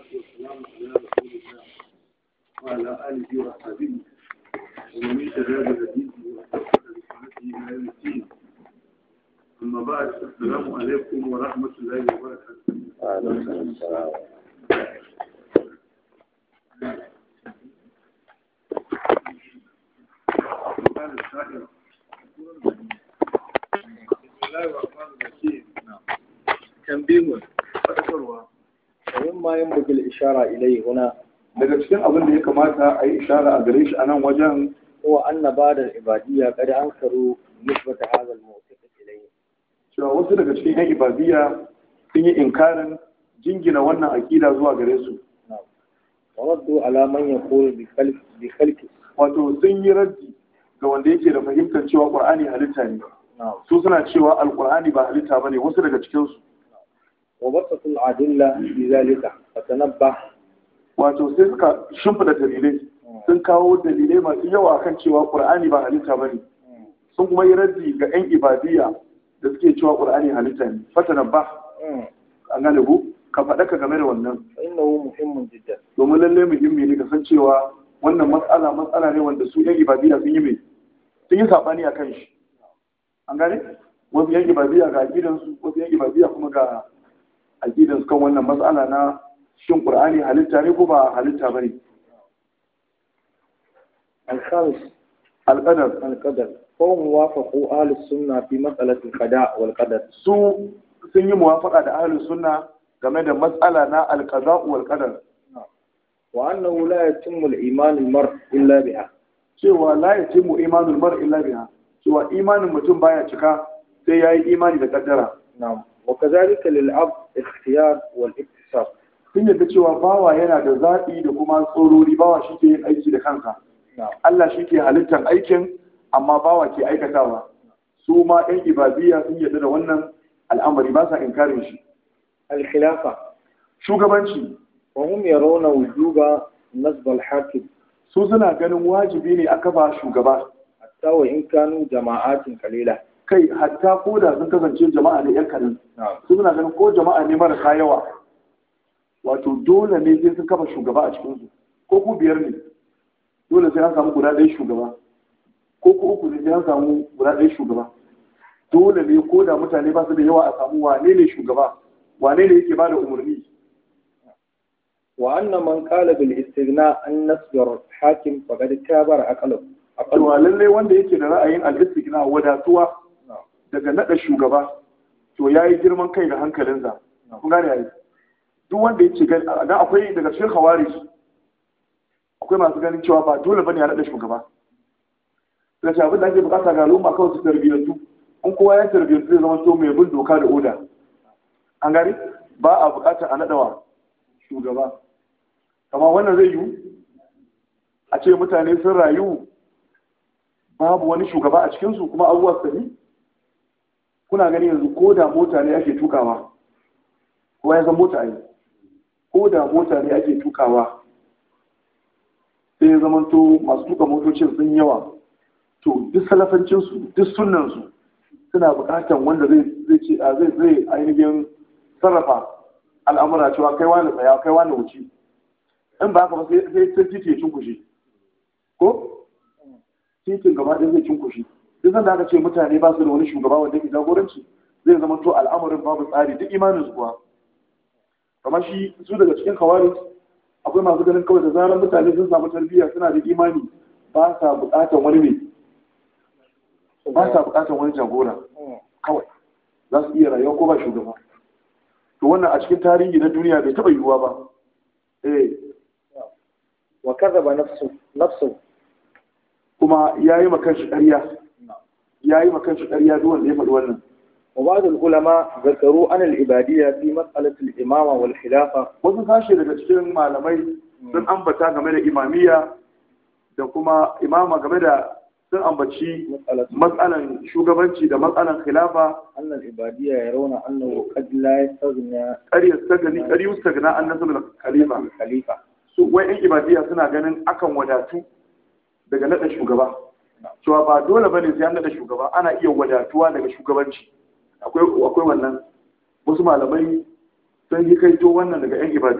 والصلاة والسلام على رسول الله وعلى آله وصحبه ومن اهتدى بهديه واستغفر لسنته إلى يوم الدين أما بعد السلام عليكم ورحمة الله وبركاته. وعليكم السلام. قال بسم الله الرحمن الرحيم نعم. تنبيه فذكرها ومما bugil ishara ilai huna. daga cikin abin da ya kamata a yi ishara a gare shi a nan wajen wa anna da ibadiyya an karu, nisbata hadha al ilai ilayhi cewa wasu daga cikin yan ibadiyya sun yi inkarin jingina wannan aqida zuwa gare su wa raddu ala man yaqulu bi khalqi bi wato sun yi raddi ga wanda yake da fahimtar cewa qur'ani halitta ne su suna cewa alqur'ani ba halitta bane wasu daga cikin su وبسط العدلة لذلك فتنبه واتو سيسكا suka shimfida dalilai sun kawo dalilai masu yawa kan cewa qur'ani ba halitta bane sun kuma yi raddi ga yan ibadiyya da suke cewa qur'ani halitta ne fatana ba an gane ka faɗa game da wannan wannan matsala matsala ne wanda su yan ibadiyya sun yi mai sun yi sabani kan shi an gane wasu yan ibadiyya ga gidansu wasu yan ibadiyya kuma ga aqidan su kan wannan matsala na shin ƙur'ani halitta ne ko ba halitta bane ne? alƙadar alƙadar qadar al ko ahalus suna fi mas'alati kada walƙadar su sun yi muwafaƙa da ahalus suna game da matsala na alƙaza walƙadar wa annan wula ya al-iman al-mar illa biha cewa la yatimmu mu imanin mar illa biha cewa imanin mutum baya cika sai ya yi imani da kaddara na'am wa kadhalika lil abd ikhtiyar wal iktisab sun yadda cewa bawa yana da zaɓi da kuma tsorori bawa shi ke yin aiki da kansa Allah shi ke halittar aikin amma bawa ke aikatawa su ma ɗan ibadiyya sun yadda da wannan al'amari ba sa inkarin shi al-khilafa shugabanci wa hum yarawna wujuba nasb al-hakim su suna ganin wajibi ne a kafa shugaba hatta wa in kanu jama'atin qalila kai hatta ko da sun kasance jama'a ne yan kaɗan su suna ganin ko jama'a ne ka yawa wato dole ne sai sun kafa shugaba a cikinsu ko ku biyar ne dole sai an samu guda ɗaya shugaba ko ku uku ne sai an samu guda ɗaya shugaba dole ne ko da mutane ba su da yawa a samu wane ne shugaba wane ne yake bada umarni wa من قال بالاستغناء bil istighna حاكم فقد تابر faqad tabara aqlu wa lalle wanda yake da ra'ayin al istighna wadatuwa daga naɗa shugaba to ya yi girman kai da za. kun gane yayi duk wanda yake gani dan akwai daga cikin hawari akwai masu ganin cewa ba dole bane ya naɗa shugaba da shi abin da ake bukata ga al'umma kawai su tarbiyyantu in kowa ya tarbiyyantu zai zama to mai bin doka da oda an gari, ba a bukata a naɗawa shugaba amma wannan zai yiwu a ce mutane sun rayu babu wani shugaba a cikinsu kuma abubuwa su kuna gani yanzu ko da mota ne ake tukawa kuma ya zan mota ne ko da mota ne ake tukawa sai ya to masu tuka motocin sun yawa to duk salafancinsu duk sunansu suna buƙatar wanda zai ce zai zai ainihin sarrafa al'amura cewa kai wani tsaya kai wani wuce in ba ka ba sai sai titi ya cinkushe ko titin gaba ɗaya zai cinkushe duk sanda aka ce mutane ba su da wani shugaba wanda ke jagoranci zai zama to al'amarin babu tsari duk imanin zuwa. kuwa shi su daga cikin kawari akwai masu ganin kawai da zarar mutane sun samu tarbiyya suna da imani ba sa buƙatar wani ne ba sa buƙatar wani jagora kawai za su iya rayuwa ko ba shugaba to wannan a cikin tarihi na duniya bai taɓa yiwuwa ba eh wa kazzaba nafsu nafsu kuma yayi makan shi ƙarya ya yi makan shi ƙarya duk wanda ya faɗi wannan وبعض العلماء ذكروا أن العبادية al imama wal والخلافة wasu sashi daga cikin malamai sun ambata game da imamiyya da kuma imama game da sun ambaci matsalan shugabanci da matsalan khilafa annal ibadiyya ya rauna annahu qad la yastaghna qad yastaghni qad an nasab khalifa khalifa su wai ibadiyya suna ganin akan wadatu daga nada shugaba cewa ba dole ba ne sai an naɗa shugaba ana iya wadatuwa daga shugabanci akwai wannan wasu malamai sun yi kaito wannan daga 'yan ibabe.